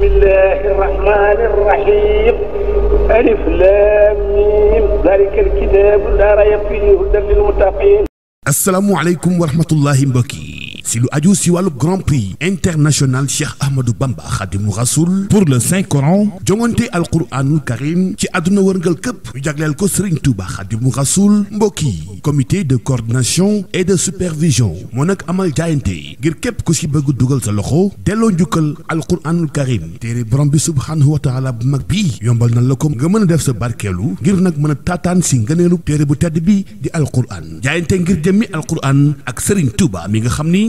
بسم الله الرحمن الرحيم ألف لام ميم ذلك الكتاب لا ريب فيه هدى للمتقين asalaamaaleykum wa rahmatullahi mbokk yi si lu aju si wàllu grand prix international Cheikh Ahmadou Bamba Khadimou Rassoul pour le Saint Coran jongante alquranul karim ci àdduna wërngal këpp ñu jagleel ko Serigne Touba Khadimou Rassoul mbokk yi comité de coordination et de supervision moo nag amal jaayante ngir képp ku si bëgg dugal sa loxo delloo njukkal alquranul karim téere borom bi subhaanahu wa taala bu mag bi yombal na la ko nga mën a def sa barkeelu ngir nag mën a tataan si ngëneelu téere bu tedd bi di alquran jaayante ngir jëmmi alquran ak Serigne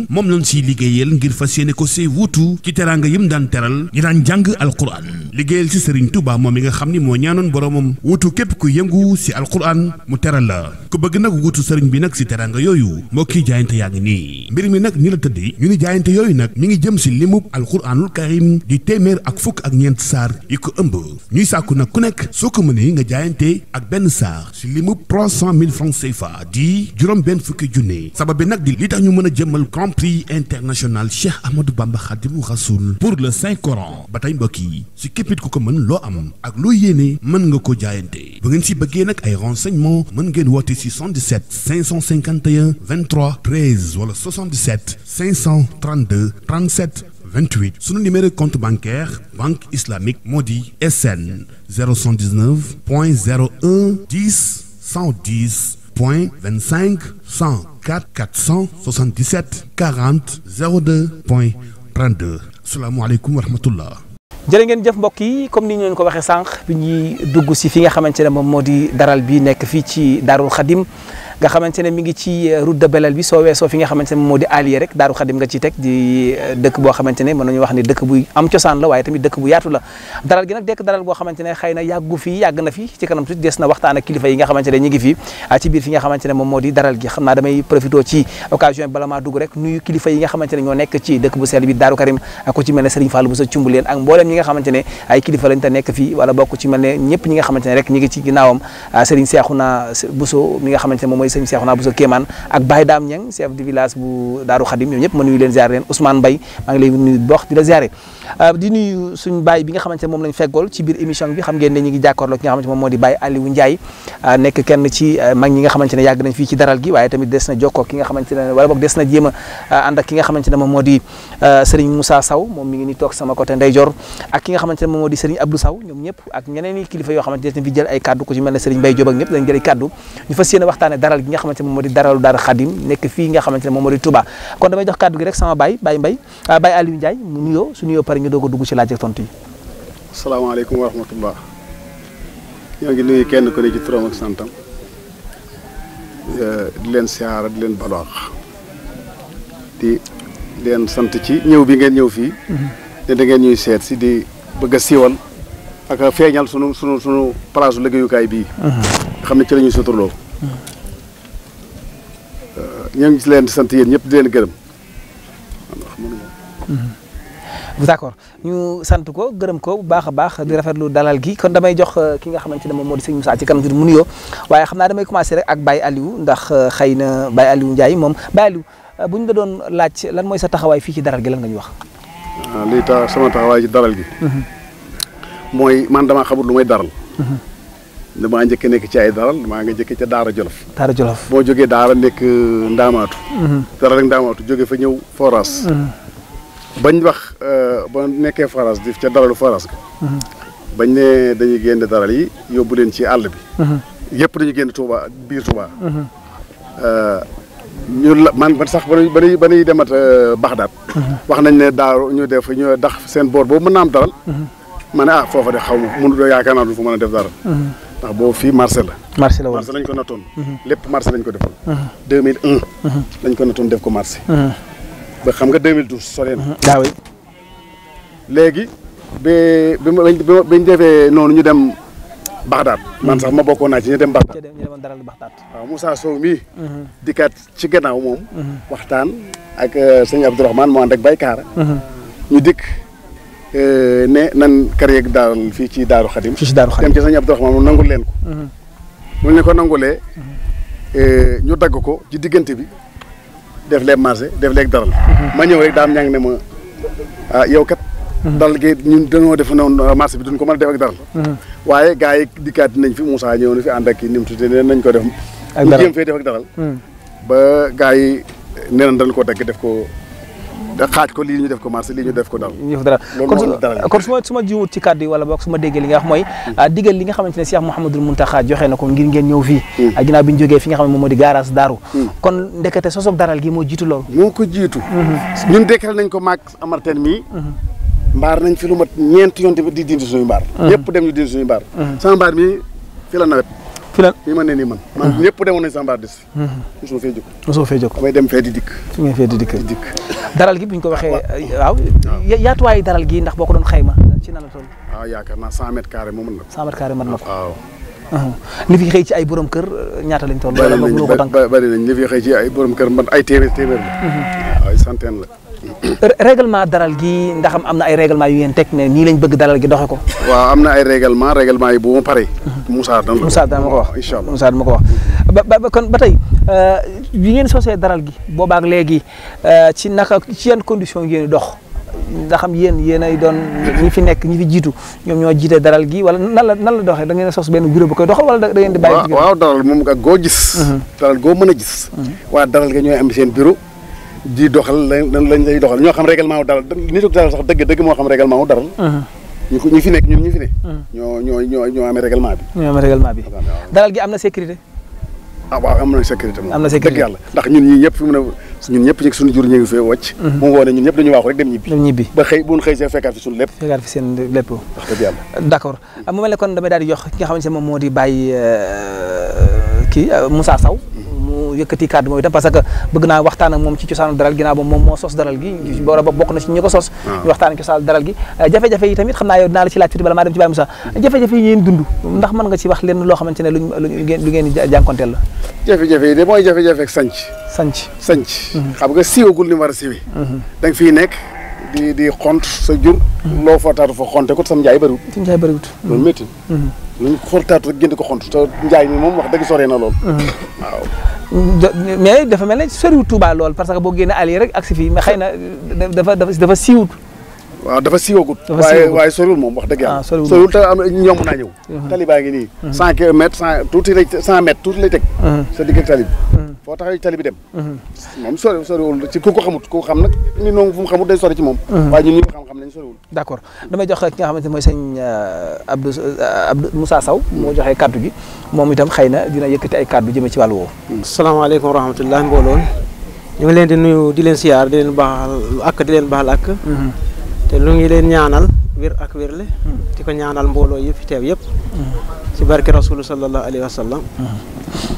moom lañ siy liggéeyal ngir fas yéene ko see wuutu ci teraanga yim daan teral ñi daan jàng alquran liggéeyal si Serigne Touba moom mi nga xam ni moo ñaanoon boromam wuutu képp ku yëngu si alquran mu teral la ku bëgg nag wuutu Serigne bi nag si teraanga yooyu moo kii jaayante yaa ngi nii mbir mi nag ni la tëddee ñu ni jaayante yooyu nag ñu ngi jëm si limub alquranul karim di téeméer ak fukk ak ñeent saar yi ko ëmb ñuy sàkku nag ku nekk soo ko mënee nga jaayante ak benn saar si limub trois cent mille francs CFA di juróom benn fukki junne sabab bi nag di tax ñu mën a jëmmal prix international Cheikh Ahmadou Bamba Khadimou Rassoul pour le Saint Coran ba tey mbokk yi si képpit ku ko mën loo am ak loo yéene mën nga ko jaayante bu ngeen si bëggee nag ay renseignements mën ngeen woote si 77 551 23 13 wala 77 532 vingt 28 sunu numéro compte bancaire banque islamique moo di SN 019 point 01 10 110. point 25 104 477 40 02 point 32 salaamaaleykum wa rahmatullah. jërë ngeen jëf mbokk yi comme ni ñu ko waxee sànq bi ñuy dugg si fi nga xamante ne moom moo di daral bi nekk fii ci Daarul Xadim. nga xamante ne mi ngi ci route de Belel bi soo weesoo fi nga xamante ne moo di Alié rek Daaru Xadim nga ciy teg di dëkk boo xamante ne mën nañu wax ne dëkk bu am cosaan la moom moo di daral xam naa damay profité ci occasion bala maa dugg rek nuyu kilifa yi nga xamante ne ñoo dëkk bu sell bi Daaru Karim ku ci mel ci mel ne ñëpp ñi nga xamante ne rek ñi ngi ci ginnaawam Serigne Cheikhouna Bousso mi nga xamante ne moom mooy sëñ Cheikhouna Bousso Kéemaan ak Baye Dame Niang chef de village bu Daaru Xadim ñoom ñëpp euh, moom lañ euh, euh, a ànd i kilifa yoo xamante ne fi jël ay kaddu ku ci mel ne Serigne Mbaye Diop ak dañ jël ay kaddu ñu fas yéene waxtaane daral daral gi nga xamante ne moom moo di daralu Daara nekk fii nga xamante ne moom moo di Touba kon damay jox kàddu gi rek sama baay Baye Mbaye ah, Baye Aliou Ndiaye su ñu doog a dugg ci laaj ak tontu yi. asalaamaaleykum wa ñoo ngi nuyu kenn ko ne ci turam ak santam eh, di leen siyaara di leen balaax di leen sant ci ñëw bi ngeen ñëw fii. ne mm-hmm. dangeen ngeen seet si di bëgg a siiwal a feeñal sunu sunu sunu place liggéeyukaay bii. Mm-hmm. xam ne ci la ñuy suturloo. Mm-hmm. ñoo ngi sant yéen ñëpp di leen gërëm. ñu sant ko gërëm ko bu baax a baax di rafetlu dalal gi kon damay jox euh, ki nga xamante ne moom moo di sëñ Moussa ci kanam tuuti mu waaye xam naa damay commencer rek ak Baye Aliou ndax euh, xëy na Baye Aliou Ndiaye moom Baye Aliou euh, bu ñu la doon laaj lan mooy sa taxawaay fii ci daral gi lan nga ñu wax. waaw ah, lii tax sama taxawaay ci daral gi. Mhm. mooy man damaa xamul lu may daral. Mhm. damaa njëkk nekk ci ay daral maa nga njëkk ca Daara Jolof. Daara Jolof moo jógee Daara nekk euh, Ndaamaatu. Mhm. dara rek Ndaamaatu jóge fa ñëw forage. Mhm. bañ wax euh, ba nekkee forage di ca daralu forage ga mhm. bañ ne dañuy génn daral yi yóbbu leen ci àll bi. yëpp dañu génn Touba biir Touba. Euh, ñu la man man sax ba nuy ba nuy demat Baxdaat. wax nañ ne daaru ñu def ñu dax seen boor boobu mën naa am daral. ma ne ah foofa de xaw ma mënu yaakaar naa du mën a def dara. ndax boobu fii marché la. marché la woon marché lañ ko nattoon. Mhm. lépp marché lañ ko defoon. 2001. Mhm. Mhm. lañ ko nattoon def ko marché. ba xam nga 2012 sore na. daaw léegi ba bi ma bi ñu defee noonu ñu dem Baxdaat. man sax ma bokkoon naa ci ñu dem Baxdaat. waaw Moussa Sow mii. dikkaat ci gannaaw moom. waxtaan ak euh, sëñ Abdourahmane moo ànd ak Baykaara. ñu dikk. Euh, ne nan karyeeg daal fii ci Daaru Xadim. fii ci Daaru Xadim dem ci sëñ Abdourahmane mu nangul leen ko. Mhm. mu ne ko nangulee euh, ñu dagg ko ci diggante bi def leen marché def leen daral. Mhm. ma ñëw rek daam ñaa ngi ne ma ah yow kat. Mhm. daral gi ñun dañoo def noonu euh, marché bi duñ ko mën a def ak daral. waaye gars yi dikkaat nañ fi Moussa ñëw na fi ànd ak kii ni mu tuddee nañ ko def. ak daral mu fee def ak daral. ba gars yi nee nañ dañ ko dagg def ko. xaaj ko lii ñu def ko marché lii ñu def ko dal kon su jiwut ci kàddu yi wala boog su ma déggee li nga wax mooy hmm. ah, digal li nga xamante ne Cheikh Mouhamadoul Mountakha joxe na ko ngir ngeen ñëw fii hmm. ah, ginnaaw bi ñu fi nga xam hmm. moo jiitu loolu moo ko jiitu ñun décret nañ ko maag amarteen mii mbaar nañ fi lu mat ñeenti di dindi suñu mbaar ñëpp dem ñu dindi suñu mbaar sama mbaar mii fi la nawet fi la fi ma ne nii man. man ah. ñëpp demoon nañu Samba Dis. Hmm. mosoo fee jóg. mosoo fee jóg damay dem fee di dikk. fi fee di dikk daral gi bu ko waxee. Ah, waaw yaatuwaayu daral gi ndax boo ko doon xayma ci nan la toll. waaw ah, yaakaar naa cent mètres carrés moom mën na ko. cent mètres carrés mën na ko waaw. Uh-huh. li fi ay borom kër uh, ñaata lañ toll. nañ bëri nañ ay borom kër man ay téeméer téeméer la. Uh-huh. règlement daral gi ndax am na ay règlement yu ngeen teg ne nii lañ bëgg daral gi doxe ko. waaw am na ay règlement règlement yi bu ma paree. Moussa dama ko wax incha allah Moussa dama ko wax. ba ba kon ba tey yi euh, ngeen sosee daral gi boobaak léegi euh, ci naka ci yan condition ngeen dox. nga xam yéen yéen ay doon ñi fi nekk ñi fi jiitu ñoom ñoo jiite daral gi wala nan la nan la doxee da ngeen sos benn bureau bu koy doxal wala da ngeen di bàyyi. waaw moom ak gis. Mhm. daral goo mën a gis. Mhm. waa daral ga ñooy am seen bureau. di doxal lañ lay doxal ñoo xam règlement wu daral nituk daral sax dëgg dëgg moo xam règlement wu daral uh-huh. ñu ko ñu fi nekk ñun ñu fi ne uh-huh. ñoo ñoo ñoo ñoo amee règlement bi ñoo amee règlement bi daral am na sécurité ah waaw am ndax ñun ñii yëpp fi mu ne ñun ñëpp ñu ngi suñu jur ñu ngi uh-huh. ñun ñëpp dañuy waaxu rek dem ñibbi dem ñibbi ba xëy bu ñu xëy see fekkaat fi suñu lépp fekkaat fi seen lépp wax dëgg yàlla mu mel ne damay daal di ki nga xamante ne moom moo di bàyyi euh, kii euh, Moussa Sow yëkkati kàddu moom itam parce que bëgg naa waxtaan moom ci cosaanu daral ginnaaw ba moom moom moo sos daral gi mm-hmm. boora ba bokk na ci ñi ko sos ah. ñu cosaanu daral gi euh, jafe-jafe yi tamit xam naa yow dinaa la ci laaj tuuti bala maa dem ci Baye Moussa mm-hmm. jafe-jafe yi ngeen dund ndax mën nga ci a mm-hmm. nekk di di xont rek jënd ko xont te njaay mi moom wax dëgg soree na lool mais dafa mel ne soriwul Touba lool parce que boo génnee àll yi rek ak si fii mais xëy na dafa dafa siiwut waaw dafa siiwagut waaye waaye soriwul moom wax dëgg yàlla ah, soriwul te uh-huh. tali baa ngi nii uh-huh. cent kilomètres cent tuuti lay cent mètres tuuti lay teg uh-huh. sa bi dem moom sori soriwul ci ku ko xamut ku xam nag ni noonu fu mu xamut day sori ci moom waaye ñun ñi ko xam-xam lañ soriwul d' accord damay jox ki nga xamante mooy sëñ euh, Abdou euh, Abdou saw moo joxee kaddu gi moom itam xëy na dina yëkkati ay kaddu jëme ci wàllu woowu hmm. salaamaaleykum wa rahmatullah mbooloo ñu leen di nuyu di leen siyaar di leen baaxal ak di leen baaxal ak te lu ngi leen ñaanal wér ak wérle di ko ñaanal mbooloo yi fi teew yëpp ci barke rasulu sallallahu alayhi wa sallam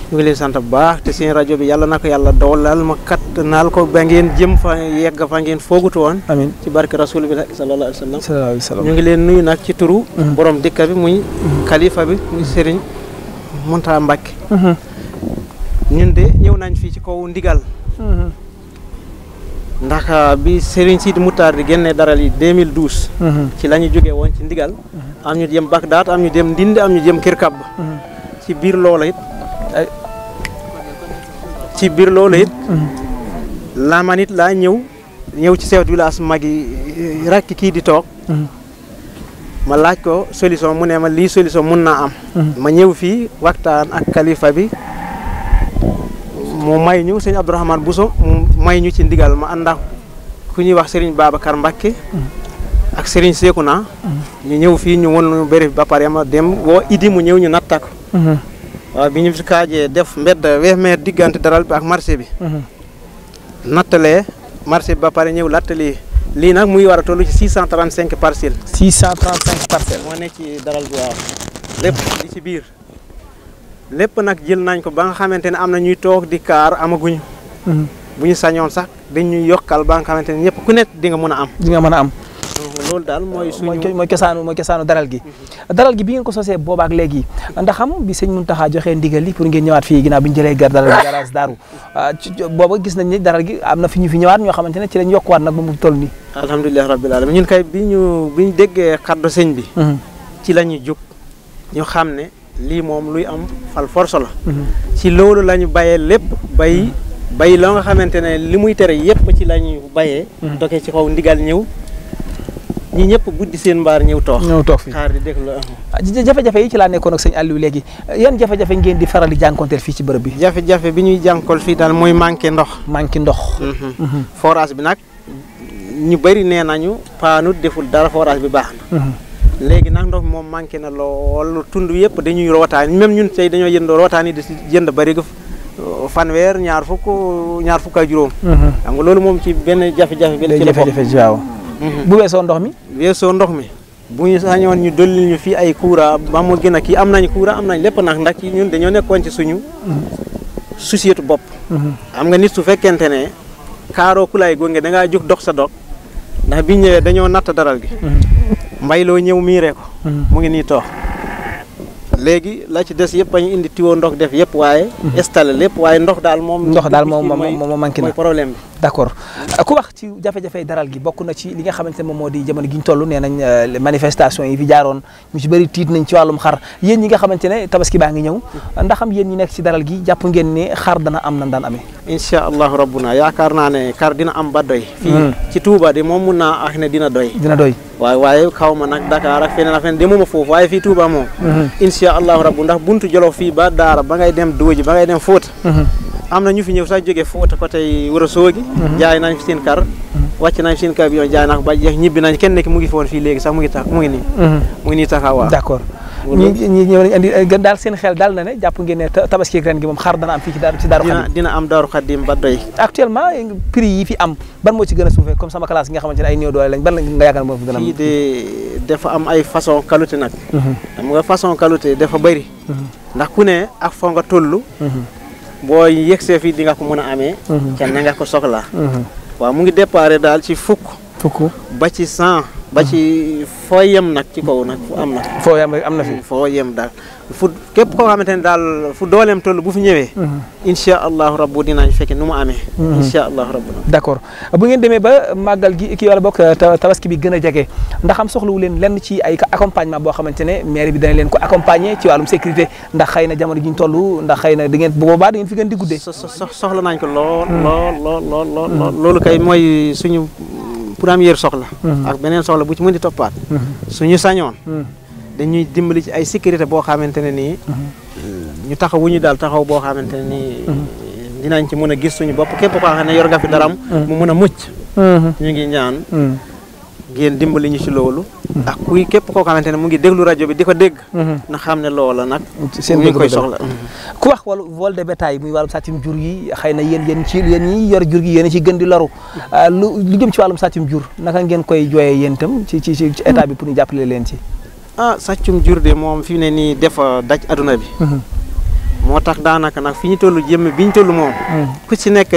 ñu ngi leen sant bu baax te seen rajo bi yàlla na ko yàlla doolal ma kat naal ko ba ngeen jëm fa yegg fa ngeen foogutu woon amiin ci barke rasul bi sallallahu alayhi wa sallam ñu ngi leen nuyu nag ci turu mm-hmm. borom dëkk bi muy mm-hmm. kalifa bi muy sëriñ Muntaxa Mbàkke ñun de ñëw nañ fii ci kaw ndigal mm-hmm. ndax euh, bi Serigne Sidi Moutar di génnee daral yi 2012. ci la ñu jógee woon ci ndigal. Mhm. am ñu jëm Bagdad am ñu jëm Ndindi am ñu jëm Kër Kab. Mhm. ci biir loola it ci biir loola it. Mhm. laamaan it laa ñëw ñëw ci chef du village magi eh, rakk kii di toog. ma laaj ko solution mu ne ma lii solution mun naa am. ma ñëw fii waxtaan ak kalifa bi. mu may ñu sëñ Abdourahmane Bousso mu may ñu ci ndigal ma ànd ak ku ñuy wax Serigne Babacar Mbacke ak Serigne Sekouna ñu ñëw fii ñu won béréb ba pare ma dem woo idi mu ñëw ñu natta ko waaw bi ñu si kaajee def mbedd weex meer diggante daral bi ak marché bi nattalee marché bi ba pare ñëw lattalee lii nag muy war a toll ci 635 parcelles 635 parcelles moo nekk ci daral bi waaw lépp li ci biir lépp nag jël nañ ko ba nga xamante ne am na ñuy toog di kaar amaguñu. Mhm. bu ñu sañoon sax dañuy yokkal ba nga xamante ku nekk di nga mën a am. nga mën a am. loolu daal mooy suñu mooy cosaanu mooy cosaanu daral gi. Mhm. daral gi bi ngeen ko sosee boobaak léegi ndax xam bi sëñ Mountakha joxee ndigal li pour ngeen ñëwaat fii ginnaaw bi ñu jëlee gar daral gi garage daaru ah, gis nañ ni daral gi am na fi ñu fi ñëwaat ñoo xamante ne ci lañ yokkuwaat nag ba mu toll nii. alhamdulilah rabbil alamin ñun kay bi ñu bi ñu déggee kaddu sëñ bi. Mhm. ci la ñu jóg ñu xam ne lii moom luy am fal force la mhm. ci loolu la ñu bayee lépp bay bay loo nga xamante ne li muy tere yépp ci la ñu bayee mhm. doke ci kaw ndigal ñëw ñi ñëpp buddi seen mbaar ñëw toox ñëw fi xaar di déglu ah, jafe-jafe yi ci laa nekkoon ak sëñ Aliou léegi yan jafe-jafe ngeen di faral di jànkonteel fii ci bërëb bi jafe-jafe bi ñuy jànkool fii daal mooy manqué ndox manqué ndox mhm. forage bi nag ñu bari nee nañu paanut deful dara forage bi baax na léegi nag ndox moom manqué na lool tund yëpp dañuy rootaan même ñun tey dañoo yëndoo rootaan yi di jënd bari ga fanweer ñaar fukk ñaar fukk ak juróom. Mhm. xam nga loolu moom ci benn jafe-jafe. bi la ci la jafe-jafe waaw. Mhm. bu weesoo ndox mi. weesoo ndox mi bu ñu sañoon ñu dolli ñu fii ay courant ba mu gën a kii am nañ courant am nañ lépp ndax ndax ñun dañoo nekkoon ci suñu. Mhm. société bopp. xam nga nit su fekkente ne. kaaroo ku lay gunge da ngaa jóg dox sa dox ndax bi ñëwee dañoo natt daral gi. mbayloo ñëw miiree ko mm-hmm. mu ngi nii toox léegi la ci des a bañu indi tiwo ndox def yëpp waaye mm-hmm. installé lépp waaye ndox daal moom ndox daal moom moom manqué na problème bi d' accord ku wax ci jafe-jafe daral gi bokk na ci li nga xamante ne moom moo di jamono gi ñu toll nee nañ euh, manifestation yi fi jaaroon ñu ci bëri tiit nañ ci wàllum xar yéen ñi nga xamante ne tabaski baa ngi ñëw ndax am yéen ñi nekk ci daral gi jàpp ngeen ni xar dana am nan daan amee incha allahu rabbuna yaakaar naa ne kar dina am ba doy fii hmm. ci Touba di moom mun na ax ne dina doy dina doy waaye waaye xaw ma nag Dakar ak feneen ak feneen demuma foofu waaye fii Touba moom hmm. incha allahu rabbu ndax buntu Jolof fii ba daara ba ngay dem Dooji ba ngay dem Fouta hmm. am na ñu fi ñëw sax jógee Fuuta ko tey wër soogi mhm. jaay nañ fi seen kar mhm. wàcc nañ seen kar bi jaay nañ ba jeex ñibbi nañ kenn nekk mu ngi fi fii léegi sax mu ngi tax mu ngi nii mhm. mu ngi nii eh, daal seen xel daal na ne jàpp ngeen ne tabaski ren gi moom xar dana am fii ci daaru ci daaru xadim dina am daaru xadim ba doy actuellement eh, prix yi fi am ban moo ci gën a suufee comme sama classe yi nga ne ay néew doole lañ ban nga yaakaar moo fi gën a am dafa am ay façon qualité nag xam nga façon dafa bëri ndax ku ne ak foo nga toll boo yegsee fii di nga ko mën a amee. ca mhm. na nga ko soxla mhm. waaw mu ngi déparé daal ci fukk. fukk ba ci cent. ba ci foo yem nag ci kaw nag am na. foo yem rek am na fi. Mm, foo yem daal fu képp koo xamante ne fu dooleem toll bu fi ñëwee. Mm-hmm. incha allahu rabbu dinaa fekke nu mu amee. Mm-hmm. incha allahu rabbu. d' accord bu ngeen demee ba màggal gi kii wala bokk tabaski bi gën a jege ndax am soxlawu leen lenn ci ay accompagnement boo xamante ne maire bi dana leen ko accompagner ci wàllum sécurité ndax xëy na jamono ji ñu toll na da ngeen bu boobaa da ngeen fi gën di guddee. soxla nañ ko lool. Mm. lool lool lool kay mooy première soxla. Mhm. ak beneen soxla bu ci mën di toppaat. Mhm. suñu sañoon. Mhm. dañuy dimbali ci ay sécurité boo xamante ne nii. ñu taxawuñu daal taxaw boo xamante ne nii. dinañ ci mën a gis suñu bopp képp koo xam ne yor nga fi daram mu mën a mucc. ñu ngi ñaan. yéen dimbali ñu ci loolu. ndax kuy képp koo xamante ne mu ngi déglu rajo bi di ko dégg. Mhm. na xam ne loola nag. seen bëgg koy soxla. Mhm. ku wax wàllu vol de bétail muy wàllum sàccum jur yi xëy na yéen yéen ci yéen ñi yor jur gi yéen ci gën di loru mhm. euh, lu lu jëm ci wàllum sàccum jur naka ngeen koy jooyee yéen tam ci ci ci état bi pour ñu jàppale leen ci. ah sàccum jur de moom fi ne nii def daj àdduna bi. moo tax daanaka nag fi ñu toll jëmm bi ñu tollu moom. Hmm. ku ci nekk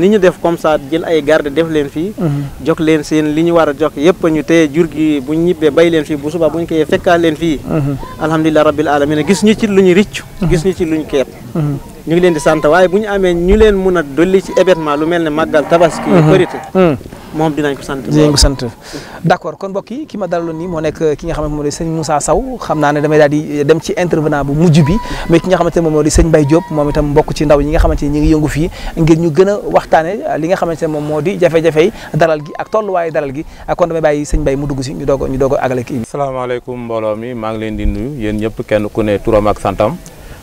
ni ñu def comme ça jël ay garde def leen fii. Hmm. jox leen seen li ñu war a jox yëpp ñu téye jur gi bu ñibbee bay leen fii bu suba bu ñu koy fekkaa leen fii. Hmm. alhamdulilah rabbil alamin gis ñu ci lu ñu ricc. gis ñu ci lu ñu kepp. ñu ngi leen di sant waaye bu ñu amee ñu leen mun a dolli ci événement lu mel ne màggal tabaski. korite moom dinañ ko sant. dinañ sant d' kon mbokk yi ki ma dalaloon nii moo nekk euh, ki nga xamante moo di sëñ Moussa Sow xam naa ne damay daal di euh, dem ci intervenant bu mujj bi mais ki nga xamante ne moom moo di sëñ Mbaye Diop moom itam ci ndaw ñi nga xamante ne ñi ngi yëngu fii ngir ñu gën a waxtaane euh, li nga xamante ne moom moo di jafe-jafey dalal gi ak tolluwaayu dalal gi ak kon damay bàyyi sëñ Mbaye mu dugg si ñu doog ñu doog agale kii bi salaamaaleykum mbooloo mi maa ngi leen di nuyu yéen ñëpp kenn ku ne turam ak santam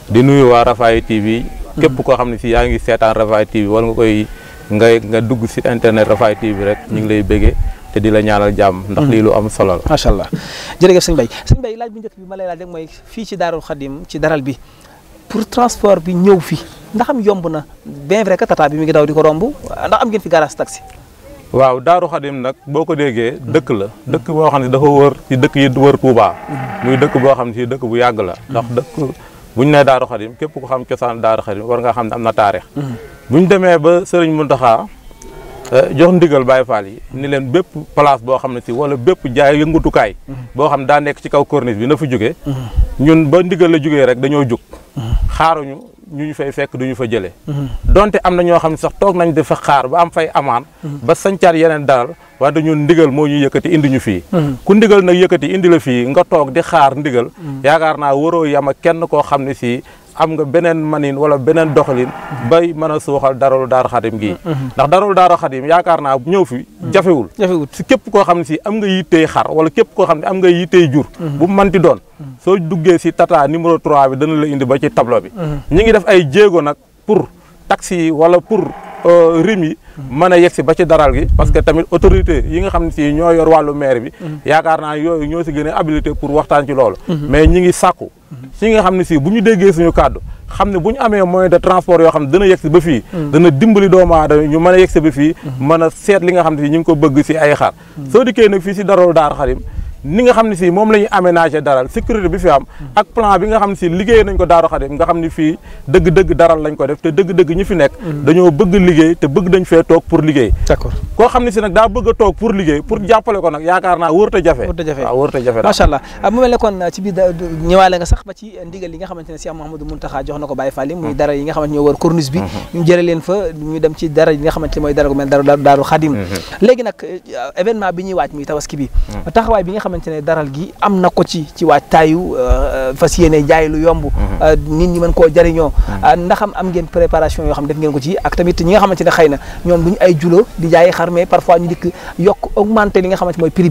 di nuyu waa Rafah TV hmm. képp koo xam ne si yaa ngi seetaan Rafah wala nga koy ngay nga dugg site internet Rafah TV rek ñu ngi lay bëggee te di la ñaanal jàmm. ndax mm-hmm. lii lu am solo la. macha allah jërëjëf sëñ mbay sëñ mbay laaj bi njëkk bi ma la laaj rek mooy fii ci Daarul Xadim ci daral bi pour transport bi ñëw fi ndaxam am yomb na bien vrai que tata bi mi ngi daw di ko romb ndax am ngeen fi garage taxi. waaw Daaru Xadim nag boo ko déggee dëkk la dëkk boo xam ne dafa wër ci dëkk yi wër Touba. Mm-hmm. muy dëkk boo xam ne ci dëkk bu yàgg la. ndax dëkk bu ñu nee Daaru Xadim képp ku xam cosaan Daaru Xadim war nga xam ne am na taarix. bu ñu demee ba Serigne Mountakha eh, jox ndigal Baye Fall yi ni leen bépp place boo xam ne si wala bépp jaay yëngatukaay. boo xam daa nekk ci kaw corniche bi na fa jógee. Mm-hmm. ñun ba ndigal la jógee rek dañoo jóg. Mm-hmm. xaaruñu ñu ñu fay fekk duñu fa jëlee mhm. donte am na ñoo xam ne sax toog nañ dafa xaar ba am fay amaan mhm. ba sancaat yeneen daal waaye ñu ndigal moo ñu yëkkati indi ñu fii mhm. ku ndigal nag yëkkati indi la fi nga toog di xaar ndigal yaakaar na waroo yam ak kenn koo xam ne si am nga beneen manin wala beneen doxalin bay mën a suuxal daralu daaru xadim gii mhm. ndax daralu daar xadim yaakaar naa ñëw fi mhm. jafewul jafewul si képp koo xam ne si am nga yittey xar wala képp koo xam ne am nga yittey jur mhm. bu manti doon soo duggee si tata numéro trois bi dana la indi ba ci tableau bi ñi ngi def ay jéego nag pour taxi yi wala pour euh, rim yi mën a si ba ci daral gi parce que tamit autorité yi nga xam ne si ñoo yor wàllu maire bi yaakaar naa yooyu ñoo si gën a habilité pour waxtaan ci loolu si nga xam ne si bu ñu déggee suñu kàddu xam ne bu ñu amee moyen de transport yoo xam ne dana yegg si ba fii hmm. dana dimbali doomu aadama ñu mën a yegg si ba fii hmm. mën a seet li nga xam ne si ñu ngi ko bëgg si ay xar hmm. soo dikkee nag fii si Darou Darou Xadim ni nga xam ne si moom la ñu aménagé daral sécurité bi fi am ak plan bi nga xam ne si liggéey nañ ko Daaru Xadim nga xam ne fii dëgg-dëgg daral lañ ko def te dëgg-dëgg ñi fi nekk mm-hmm. dañoo bëgg liggéey te bëgg dañ fee toog pour liggéey d'accord xam ne si nag daa bëgg a toog pour liggéey pour jàppale ko nag yaakaar naa wóor ta jafe waaw allah ah, mu mel ne kon sax ba ci ndigal yi nga xamante ne Cheikh Mouhamadou Mountakha jox na ko Baye Fall yi muy mm-hmm. dara yi nga xamante ñoo wër corniche bi mm-hmm. ñu jële leen fa ñu dem ci euh, bi ñuy waaj muy tabaski bi xamante ne daral gi am na ci ci waajtaayu euh, euh, fas yéene jaay lu yomb mm-hmm. euh, nit ñi mën koo jëriñoo mm-hmm. am ngeen préparation yoo xam ngeen ko ci ak tamit ñi nga xamante ne xëy ñoom duñu ay julo di jaay xar mais parfois ñu dikk yokk augmenté li nga xamante mooy prix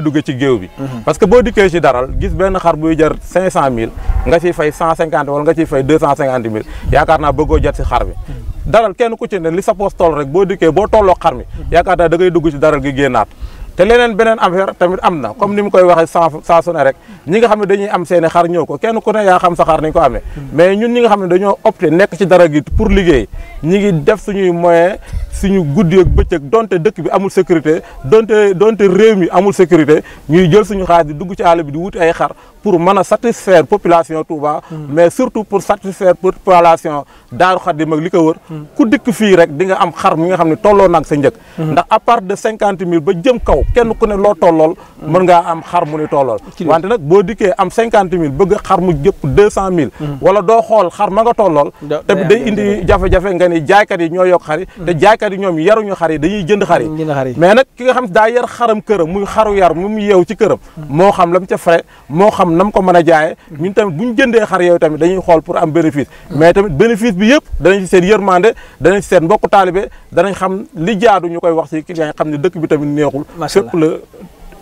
duggee ci géew bi mm-hmm. parce que boo dikkee ci daral gis benn xar buy jar cinq cent mille nga ciy fay cent cent mille yaakaar naa bëggoo jot ci xar bi daral kenn ku ci ne li sa poos toll rek boo dikkee boo tolloo xar mi yaakaar naa da dugg ci daral gi génnaat te leneen beneen affaire tamit am na comme ni mu koy waxee saa saa su rek ñi nga xam ne dañuy am seeni xar ñëw ko kenn ku ne yaa xam sa xar nañ ko amee mais ñun ñi nga xam ne dañoo opté nekk ci dara gi pour liggéey ñi ngi def suñuy moyen suñu guddi ak bëccëg donte dëkk bi amul sécurité donte donte réew mi amul sécurité ñuy jël suñu xaalis di dugg ci àll bi di wuti ay xar pour mën a satisfaire population Touba hmm. mais surtout pour satisfaire population Daaru Xadim ak li ko wër hmm. ku dikk fii rek di am xar mi nga xam ne tolloo nag sa njëg hmm. ndax à part de cinquante mille ba jëm kaw kenn ku ne loo tollool mën ngaa am xar mu ni tollool wante nag boo dikkee am cinquante mille bëgg xar mu jëpp deux cent mille hmm. wala doo xool xar ma nga tollool te day indi jafe-jafe nga ni jaaykat yi ñoo yokk xar yi hmm. te jaaykat yi ñoom yaruñu xar yi dañuy jënd xar yi hmm, mais nag ki nga xam daa yar xaram këram muy xaru yar mu mu yeew ci këram moo xam la mu ca frais moo xam nam ko mën a jaayee ñun tamit bu ñu jëndee xar yooyu tamit dañuy xool pour am bénéfice mais tamit bénéfice bi yëpp danañ ci seen yërmande danañ ci seen mbokku taalibe danañ xam li jaadu koy wax ci client yi xam ne dëkk bi tamit neexul fépp la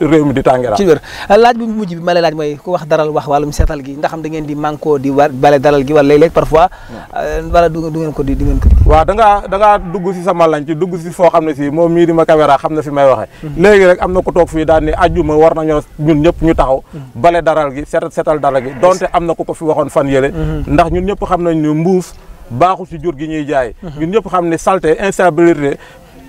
réew mi di tàngeraat ci wér laaj bu mujj bi ma lay laaj mooy ku wax daral wax wàllum seetal gi ndax xam da ngeen di manko di bale daral gi wala léeg parfois euh, wala da ngaa da ngaa dugg si sama lañ ci dugg si foo xam ne si moom mii di ma caméra xam na fi may waxee mm-hmm. léegi rek am na ku toog fii daal ni ajjuma war nañoo ñun ñëpp ñu taxaw mm-hmm. bale daral gi seetal seetal daral gi donte am na ku ko fi waxoon fan yële mm-hmm. ndax ñun ñëpp xam nañ ni mbuus baaxu si jur gi ñuy jaay ñun ñëpp xam ne salté instabilité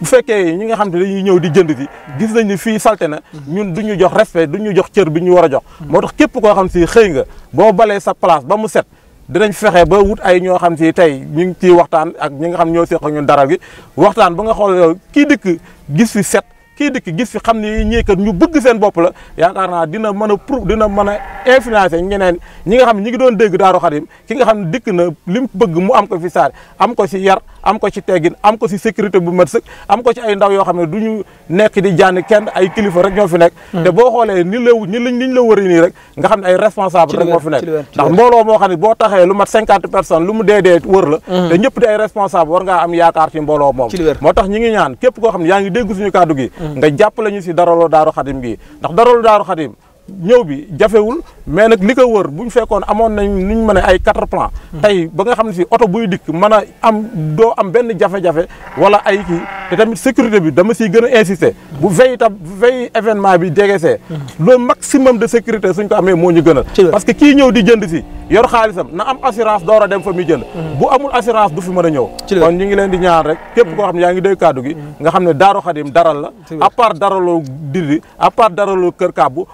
bu fekkee ñi nga xam ne dañuy ñëw di jënd ci gis nañ ni fii salte na ñun du ñu jox respect du ñu jox cër bi ñu war a jox moo tax képp koo xam si xëy nga boo balee sa place ba mu set dinañ fexe ba wut ay ñoo xam si tey ñu ngi ciy waxtaan ak ñi nga xam ñoo seq ñun dara gi waxtaan ba nga xool kii dëkk gis fi set kii dikk gis fi xam ni ñii kat ñu bëgg seen bopp la yaakaar naa dina mën a pro dina mën a influencer ñeneen ñi nga xam ne ñi ngi doon dégg Daaru Xadim ki nga xam ne dikk na li mu bëgg mu am ko fi saare am ko si yar am ko ci teggin am ko si sécurité bu mat sëkk am ko ci ay ndaw yoo xam ne du ñu nekk di jànn ken ay kilifa rek ñoo fi nekk hmm. te boo xoolee ni la ni lañ liñ la wëri nii rek nga xam ne ay responsable rek moo fi nekk ndax mbooloo moo xam ne boo taxee lu mat cinquante personnes lu mu dee dee wër la hmm. te ñëpp di ay responsable war ngaa moo tax ñi ngi ñaan képp koo xam yaa ngi dégg suñu kàddu gi hmm. nga jàppale ñu si daraloo daaru xadim bii ndax daraloo daaru xadim ñëw bi jafewul mais nag li ko wër bu ñu fekkoon amoon nañ nu ñu mën ay quatre plans. tey ba nga xam ne si oto buy dikk man a am doo am benn jafe-jafe wala ay kii te tamit sécurité bi dama siy gën a insister. bu vey bu vey événement bi jegesee. le maximum de sécurité suñ ko amee moo ñu gënal. parce que kii ñëw di jënd si yor xaalisam na am assurance door a dem fa muy jënd. Mm. bu amul assurance du fi mën a ñëw. kon ñu ngi leen di ñaan rek képp koo xam ne yaa ngi dégg kàddu gi. Mm. nga xam ne Daaru Xadim daral la. à part daraloo Diri à part daraloo Kër Kaabu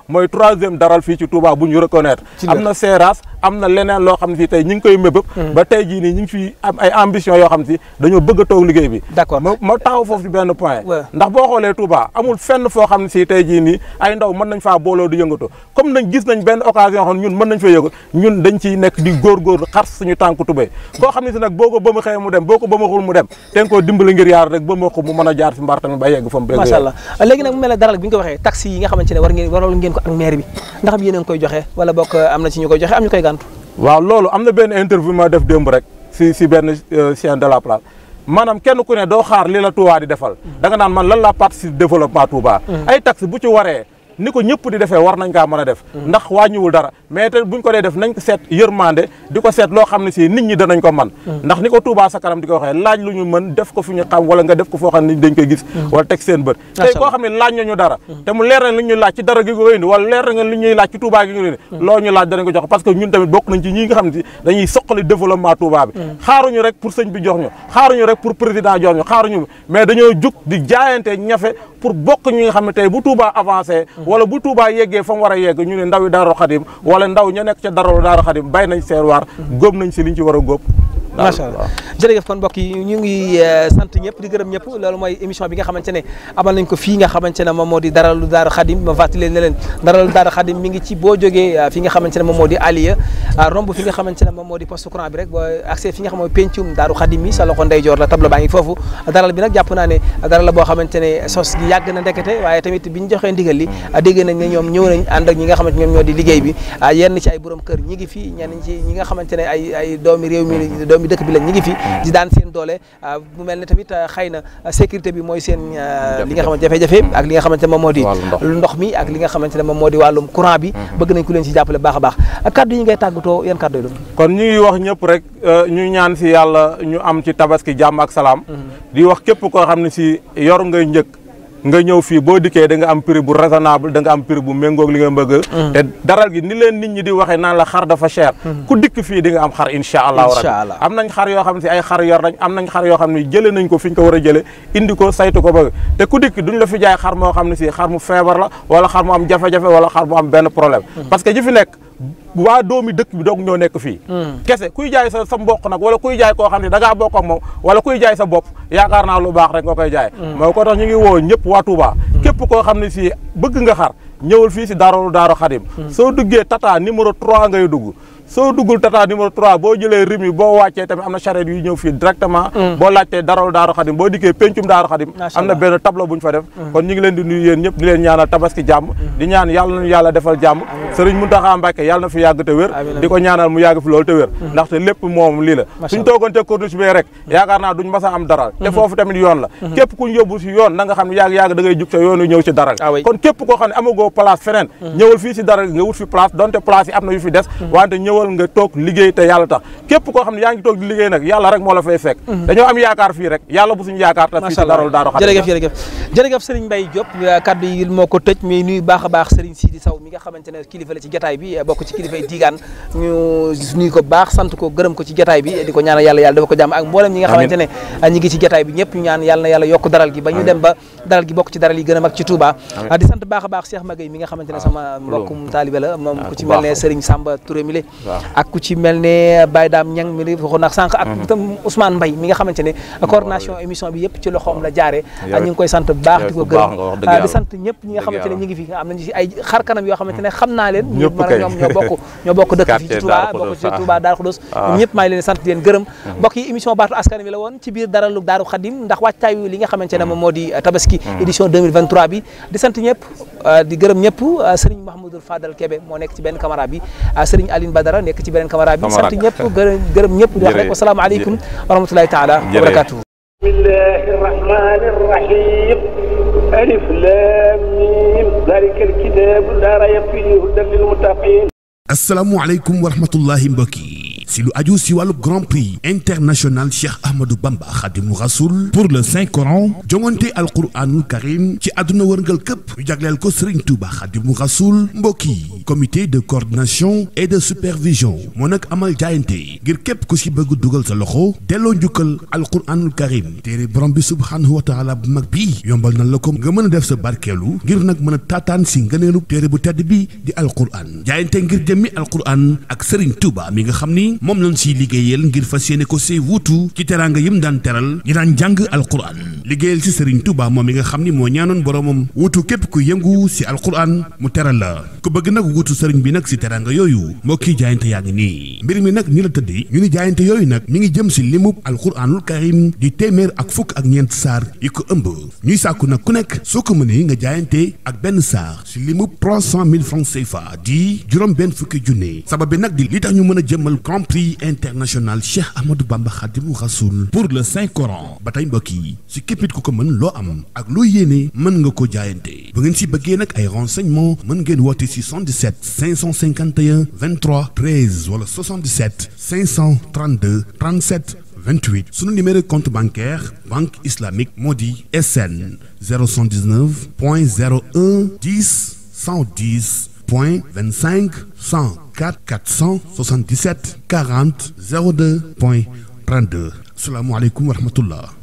troisième daral fii ci si hmm. a benn point ndax boo xoolee Touba amul fenn foo xam ne si tey ay ndaw mën nañ faa booloo di yëngatu comme gis nañ benn occasion xam ñun mën nañ fa nekk di góorgóorlu xar suñu tànk tubéy koo xam ne si nag boo ko ba ma ma xul mu nag mu mel ne daral bi waxee taxi yi nga xamante ne war ngeen ko ak bi ndax yéen a ngi koy joxe wala bokk euh, am na ci ñu koy joxe am ñu koy gàntu. waaw loolu am na benn interview ma def démb rek si si benn euh, chaîne de la place maanaam kenn ku ne doo xaar li la Touba di defal. Mm. da nga naan man lan la participe développement Touba. Mm. ay taxes bu ci waree. ni ko ñëpp di defe war nañ kaa mën a def mm-hmm. ndax wàññiwul dara mais te buñ ko dee def nañ ko seet yërmande di ko seet loo xam ne si nit ñi danañ ko man mm-hmm. ndax ni ko Touba sa kanam di ko waxee laaj lu ñu mën def ko fi ñu xam wala nga def ko foo xam ne dañ koy gis mm-hmm. wala teg seen bët tey koo xam ne laaj nañu dara te mu leer na li ñuy laaj ci dara gi ko indi wala leer na li ñuy laaj ci Touba gi ko indi loo ñu laaj danañ ko jox parce pour bi jox ñu xaaruñu rek pour président jox ñu xaaruñu mais dañoo jug di jaayante ñafe pour bokk ñi nga xam ne bu Touba avancé wala bu Touba yeggee fa mu war a yegg ñu ne ndaw yi Daaru Xadim wala ndaw ña nekk ca daralu Daaru Xadim bàyyi nañ seen waar góob nañ si liñ ci war góob macha allah jërëjëf kon mbokk yi ñu ngi euh, sant bi nga xamante ne amal nañ ko fii nga xamante ne moom moo di daralu daaru xadim ma fàttali ne leen euh, moo di aliya euh, romb fi nga xamante ne moom moo di poste courant bi rek boo accès fi nga xam mooy pencum daaru xadim mi sa loxo ndeyjoor la tableau baa ngi foofu daral bi nag jàpp naa ne daral la boo xamante ne sos gi yàgg na ndekete waaye tamit bi ñu joxee ndigal li dégg ñoom ñoo di ñi nga xamante ne doomi réew mi doomi dëkk bi lañ ñu ngi fi di daan seen doole mu mel ne tamit euh, xëy na sécurité bi mooy seen euh, li nga xamante jafe-jafe ak li nga xamante ne moom moo di ndox mi ak li nga xamante ne moom moo di wàllum courant bi mhm. bëgg nañ ku leen ci jàppale baax a baax kaddu yi ngay tàggatoo yan kaddu yi kon ñu ngi wax ñëpp rek euh, ñu ñaan si yàlla ñu am ci tabaski jàmm ak salaam mhm. di wax képp ko xam ne si yor ngay njëkk nga ñëw fii boo dikkee da am prix bu raisonnable da nga am prix bu méngoog li bëgg mm. te daral gi ni leen nit ñi di waxee naan la xar dafa cher mm. ku dikk fii di nga am xar insha allahu rabbi am nañ xar yoo xam ne ay xar yor nañ am nañ xar yoo xam ne jële nañ ko fi ñu ko war a jële indi ko saytu ko bëgg te ku dikk duñ la fi jaay xar moo xam ne si xar mu feebar la wala xar mu am jafe-jafe wala xar mu am benn problème mm. parce que ji nekk waa doomi dëkk bi doog ñoo nekk fii hmm. kese kuy jaay sa sa mbokk nag wala kuy jaay koo xam ne da ngaa bokk ak moom wala kuy jaay sa bopp yakar naa lu baax rek nga koy jaay hmm. moo ko tax ñu ngi woo ñëpp waa Touba hmm. képp koo xam ne si bëgg nga xar ñëwul fii si daaro daaro xadim soo duggee tata numéro 3 ngay dugg soo duggul tata numéro 3 boo jëlee rim yi boo wàccee tamit am na charrette yuy ñëw fii directement mm. boo laajtee daral daaru xadim boo dikkee péncum daaru xadim am na benn tableau bu ñu fa def mm. kon ñu ngi leen di ñaanal tabaski jàmm mm. di ñaan yàlla nañu yàlla defal jàmm sëriñ Muntaxa Mbàkke yàlla na fi yàgg te wér di ñaanal mu yàgg fi loolu te wér ndaxte lépp moom lii la suñ te corniche bi rek yaakaar naa duñ masa am daral te mm-hmm. foofu tamit yoon la mm-hmm. képp kuñ yóbbu si yoon na nga xam ne yàgg yàgg da ngay jug sa yoonu ñëw si daral ah ñëwal nga toog liggéey te yàlla tax képp koo xam ne yaa ngi toog di liggéey nag yàlla rek moo la fay fekk mhm. dañoo am yaakaar fii rek yàlla bu suñu yaakaar te fii darol daaro xam baax a baax Serigne Sidi Sow mi nga xamante ne kilifa la ci jataay bokk ci kilifay digaan ko baax sant ko gërëm ko ci jataay bi di ko ñaanal yàlla yàlla ko jàmm ak mboolem ñi nga xamante ne euh, ñi ngi ci jataay bi ñëpp ñu ñaan yàlla yokk daral gi ba ñu dem ba daral gi bokk ci daral yi gën a mag ci Touba ah, di sant baax a baax Cheikh Magay mi nga xamante ne ah, sama mbokkum taalibe la moom ah, ku ci Samba Touré ak ku ci mel ne Baye Dame Niang mi li waxoon na sànq ak itam mhm. Ousmane Mbaye mi nga xamante ne coordination émission bi yëpp ci loxoom la jaare ah, ñu ngi koy sant bu baax gërëm ah, di sant ñëpp ñi nga xamante ne ñi ngi fi am nañu ci ay yoo xamante ne xam naa leen ñu mën a ñoom bokk ñoo bokk dëkk fii ci ah. ngi leen sant di leen gërëm mm. mbokk yi émission baatu askan wi la woon ci biir daralu Daaru Xadim ndax wàccaayu li nga xamante ne mm. moom moo di uh, tabaski mm. édition 2023 bi di sant ñëpp Euh, di gërëm ñëpp euh, sëriñ Mahmoudou Fadal Kébé moo nekk ci benn caméra bi euh, sëriñ Aline Badara nekk ci beneen caméra bi sant ñëpp gërëm gërëm ñëpp di wax rek wasalaamu aleykum wa rahmatulahi taala wa barakatuhu bismillahi rahmani rahim alif lam mim dalika alkitabu la rayba fihi hudan lil muttaqin asalaamaaleykum wa rahmatullahi mbokk yi si lu aju si wàllu grand prix international Cheikh Ahmadou Bamba Khadimu Rasoul pour le Saint Coran jongante alquranul karim ci àdduna wërngal këpp ñu jagleel ko Serigne Touba Khadimu Rasoul mbokk yi comité de coordination et de supervision moo nag amal jaayante ngir képp ku si bëgg dugal sa loxo delloo njukkal alquranul karim téere borom bi subhaanahu wa bu mag bi yombal na la ko nga mën a def sa barkeelu ngir nag mën a taataan si ngeneenu téere bu tedd bi di alquran jaayante ngir jëmmi alquran ak Serigne ni moom lañ siy liggéeyal ngir fa yéene ko see wuutu ci teraanga yim daan teral ñi daan jàng alquran liggéeyal si Serigne Touba moom mi nga xam ni moo ñaanoon boromam wuutu képp ku yëngu si alquran mu teral la ku bëgg nag wuutu sëriñ bi nag si teraanga yooyu mbokki jaayante yaa ngi nii mbir mi nag ñu la tëddi ñu ni jaayante yooyu nag mi ngi jëm si limub alquranul karim di téeméer ak fukk ak ñeent saar yi ko ëmb ñuy sàkku nag ku nekk soo ko mënee nga jaayante ak benn saar si limub 300 000 francs CFA di juróom benn fukki junne sabab bi nag di ñu mën a jëmmal prix international Cheikh Ahmadou Bamba Khadimou Rassoul pour le Saint Coran ba tey mbokk yi si képpit ku ko mën loo am ak loo yéene mën nga ko jaayante bu ngeen si bëggee nag ay renseignements mën ngeen woote si 77 551 23 13 wala 77 532 37 28 sunu numéro compte bancaire banque islamique moo di SN 019 point 01 10 110 point 25 104 477 40 02 point 32 salaamaaleykum wa rahmatullah